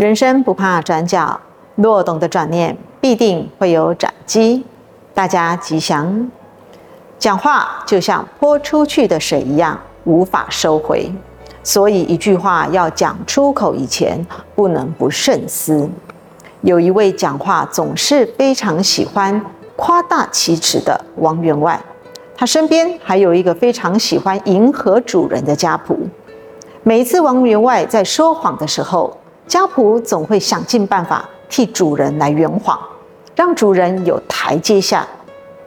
人生不怕轉角，若懂得轉念，必定會有轉機。大家吉祥。講話就像潑出去的水一樣，無法收回，所以一句話要講出口以前，不能不慎思。有一位講話總是非常喜歡誇大其詞的王員外，他身邊還有一個非常喜歡迎合主人的家僕。每一次王員外在說謊的時候，家僕總會想盡辦法替主人來圓謊，讓主人有台階下。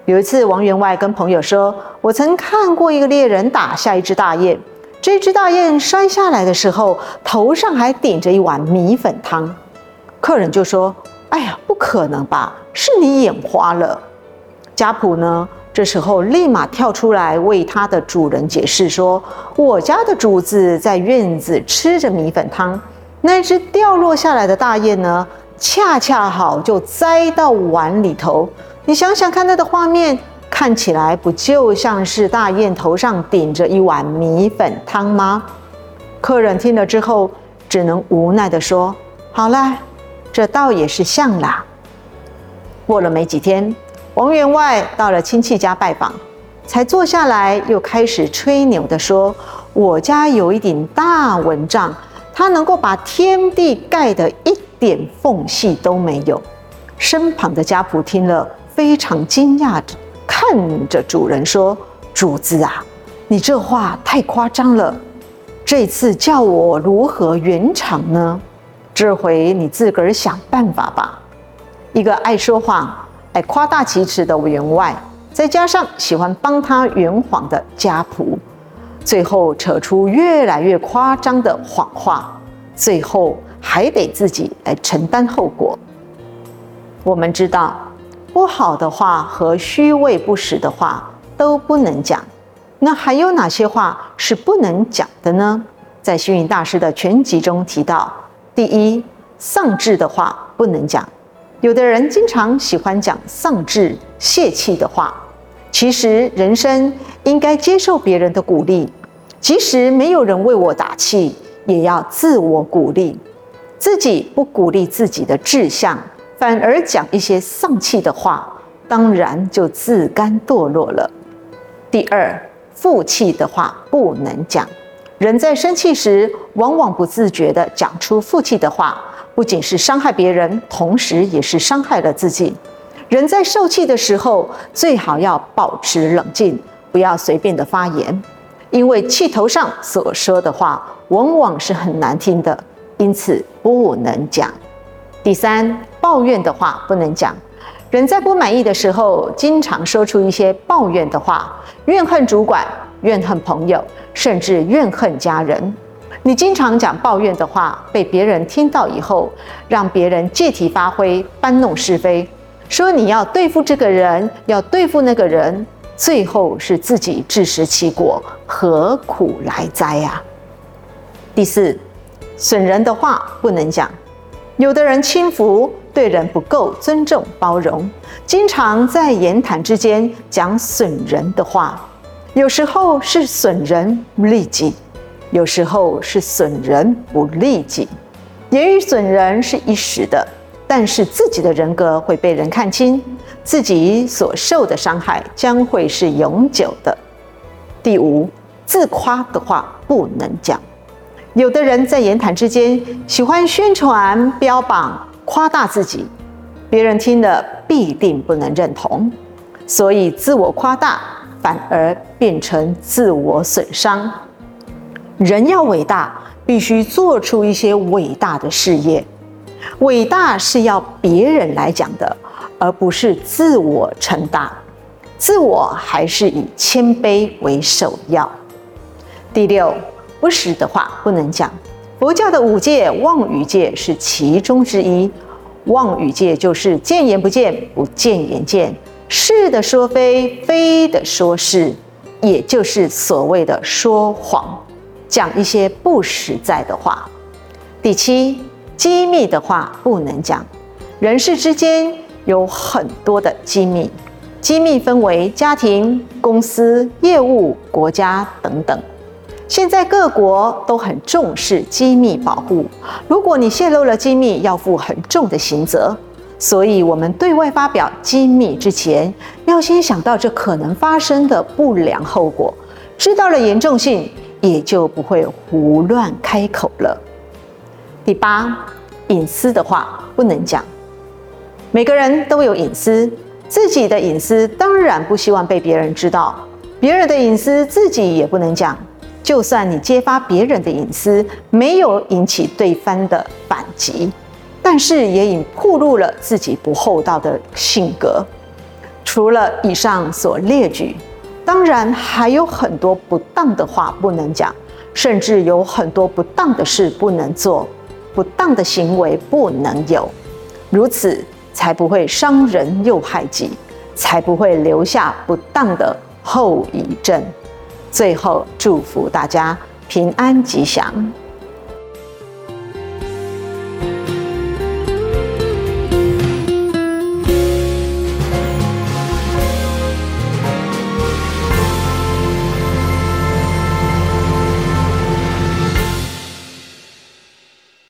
有一次，王員外跟朋友說：“我曾看過一個獵人打下一隻大雁，這隻大雁摔下來的時候，頭上還頂着一碗米粉湯。”客人就說：“哎呀，不可能吧，是你眼花了。”家僕呢，這時候立馬跳出來為他的主人解釋說：“我家的主子在院子吃着米粉湯。”那隻掉落下來的大雁呢，恰恰好就栽到碗裡頭。你想想看，它的畫面看起來不就像是大雁頭上頂着一碗米粉湯嗎？客人聽了之後，只能無奈地說：“好了，這倒也是像啦。”過了沒幾天，王員外到了親戚家拜訪，才坐下來又開始吹牛地說：“我家有一頂大蚊帳。”他能夠把天地蓋得一點縫隙都沒有。身旁的家僕聽了非常驚訝地看着主人說：“主子啊，你這話太誇張了，這次叫我如何圓場呢？這回你自個兒想辦法吧。”一個愛說謊、愛誇大其詞的員外，再加上喜歡幫他圓謊的家僕。最後扯出越來越誇張的謊話，最後還得自己來承擔後果。我們知道，不好的話和虛偽不實的話都不能講。那還有哪些話是不能講的呢？在星雲大師的全集中提到，第一，喪志的話不能講。有的人經常喜歡講喪志、洩氣的話。其實人生應該接受別人的鼓勵，即使沒有人為我打氣，也要自我鼓勵。自己不鼓勵自己的志向，反而講一些喪氣的話，當然就自甘墮落了。第二，負氣的話不能講。人在生氣時，往往不自覺地講出負氣的話，不僅是傷害別人，同時也是傷害了自己。人在受氣的時候，最好要保持冷靜，不要隨便的發言，因為氣頭上所說的話往往是很難聽的，因此不能講。第三，抱怨的話不能講。人在不滿意的時候，經常說出一些抱怨的話，怨恨主管，怨恨朋友，甚至怨恨家人。你經常講抱怨的話，被別人聽到以後，讓別人借題發揮，搬弄是非。說你要對付這個人，要對付那個人，最後是自己自食其果，何苦來哉呀、啊？第四，損人的話不能講。有的人輕浮，對人不夠尊重包容，經常在言談之間講損人的話，有時候是損人利己，有時候是損人不利己。言語損人是一時的。但是自己的人格會被人看輕，自己所受的傷害將會是永久的。第五，自誇的話不能講。有的人在言談之間喜歡宣傳、標榜、誇大自己，別人聽了必定不能認同，所以自我誇大反而變成自我損傷。人要偉大，必須做出一些偉大的事業。偉大是要別人來講的，而不是自我稱大。自我還是以謙卑為首要。第六，不實的話不能講。佛教的五戒，妄語戒是其中之一。妄語戒就是見言不見，不見言見，是的說非，非的說是，也就是所謂的說謊，講一些不實在的話。第七。機密的話不能講，人事之間有很多的機密。機密分為家庭、公司、業務、國家等等。現在各國都很重視機密保護，如果你洩露了機密，要負很重的刑責。所以，我們對外發表機密之前，要先想到這可能發生的不良後果，知道了嚴重性，也就不會胡亂開口了。第八，隱私的話不能講。每個人都有隱私，自己的隱私當然不希望被別人知道，別人的隱私自己也不能講。就算你揭發別人的隱私，沒有引起對方的反擊，但是也已暴露了自己不厚道的性格。除了以上所列舉，當然還有很多不當的話不能講，甚至有很多不當的事不能做。不當的行為不能有，如此才不會傷人又害己，才不會留下不當的後遺症。最後，祝福大家平安吉祥。